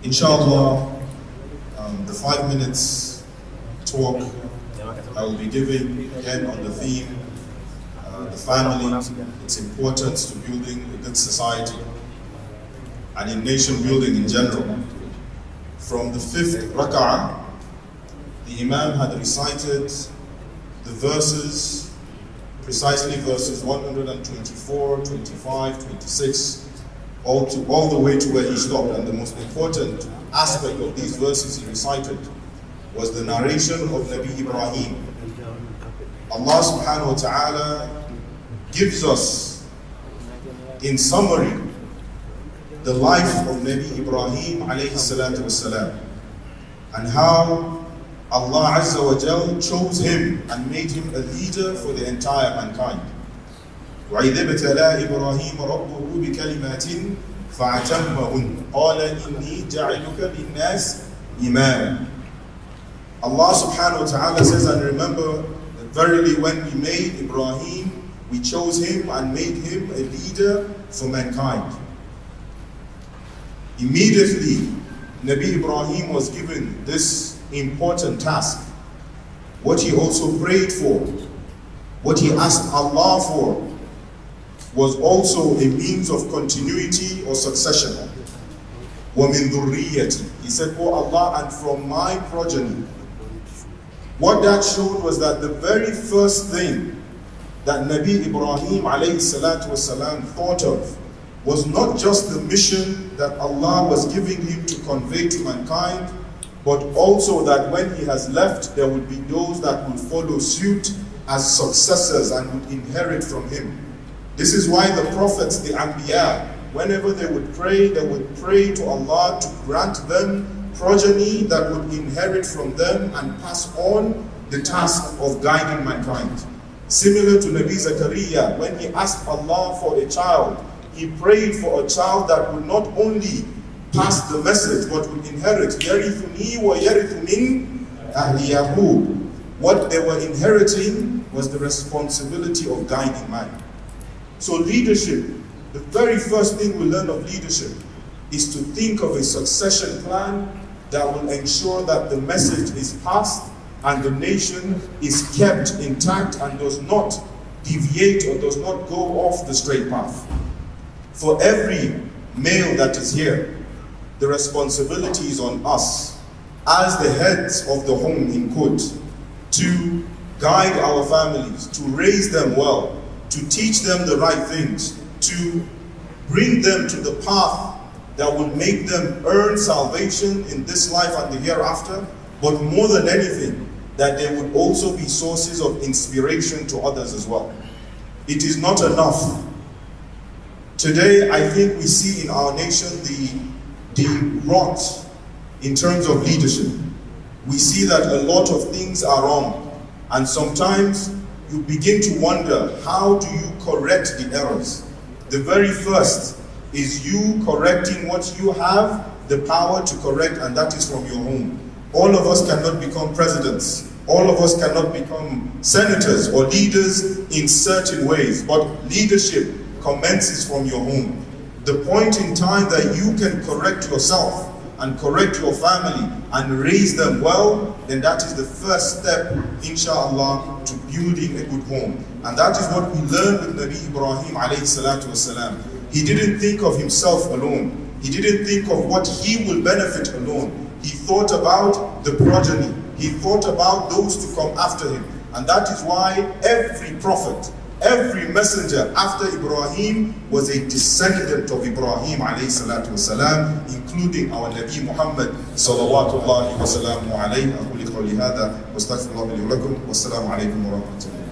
Inshallah, um, the five minutes talk I will be giving again on the theme, uh, the family, its importance to building a good society and in nation building in general. From the fifth rak'ah, the Imam had recited the verses, precisely verses 124, 25, 26, all, to, all the way to where he stopped. And the most important aspect of these verses he recited was the narration of Nabi Ibrahim. Allah subhanahu wa ta'ala gives us, in summary, the life of Nabi Ibrahim alayhi salatu wasalam and how Allah Azza wa Jal chose him and made him a leader for the entire mankind. وإذ ابتلى إبراهيم ربه بكلمات فأتمهن قال إني جعلك للناس إماما Allah subhanahu wa ta'ala says, and remember that verily when we made Ibrahim, we chose him and made him a leader for mankind. Immediately, Nabi Ibrahim was given this important task, what he also prayed for, what he asked Allah for, was also a means of continuity or succession. وَمِن ذُرِّيَّتِ He said, "Oh Allah, and from my progeny. What that showed was that the very first thing that Nabi Ibrahim والسلام, thought of was not just the mission that Allah was giving him to convey to mankind, but also that when he has left, there would be those that would follow suit as successors and would inherit from him. This is why the prophets, the Anbiya, whenever they would pray, they would pray to Allah to grant them progeny that would inherit from them and pass on the task of guiding mankind. Similar to Nabi Zakaria, when he asked Allah for a child, he prayed for a child that would not only pass the message but would inherit. What they were inheriting was the responsibility of guiding mankind. So leadership, the very first thing we learn of leadership is to think of a succession plan that will ensure that the message is passed and the nation is kept intact and does not deviate or does not go off the straight path. For every male that is here, the responsibility is on us as the heads of the home in court to guide our families, to raise them well, to teach them the right things, to bring them to the path that will make them earn salvation in this life and the hereafter, but more than anything, that they would also be sources of inspiration to others as well. It is not enough. Today, I think we see in our nation the, the rot in terms of leadership. We see that a lot of things are wrong, and sometimes you begin to wonder how do you correct the errors? The very first is you correcting what you have the power to correct, and that is from your home. All of us cannot become presidents. All of us cannot become senators or leaders in certain ways, but leadership commences from your home. The point in time that you can correct yourself and correct your family and raise them well, then that is the first step, inshallah, to building a good home. And that is what we learned with Nabi Ibrahim alayhi He didn't think of himself alone. He didn't think of what he will benefit alone. He thought about the progeny. He thought about those to come after him. And that is why every prophet, Every messenger after Ibrahim was a descendant of Ibrahim والسلام, including our Nabi Muhammad sallallahu alayhi wa sallam wa alayhi wa sallam wa alayhi wa sallam wa alayhi wa sallam wa alayhi wa sallam wa alayhi wa sallam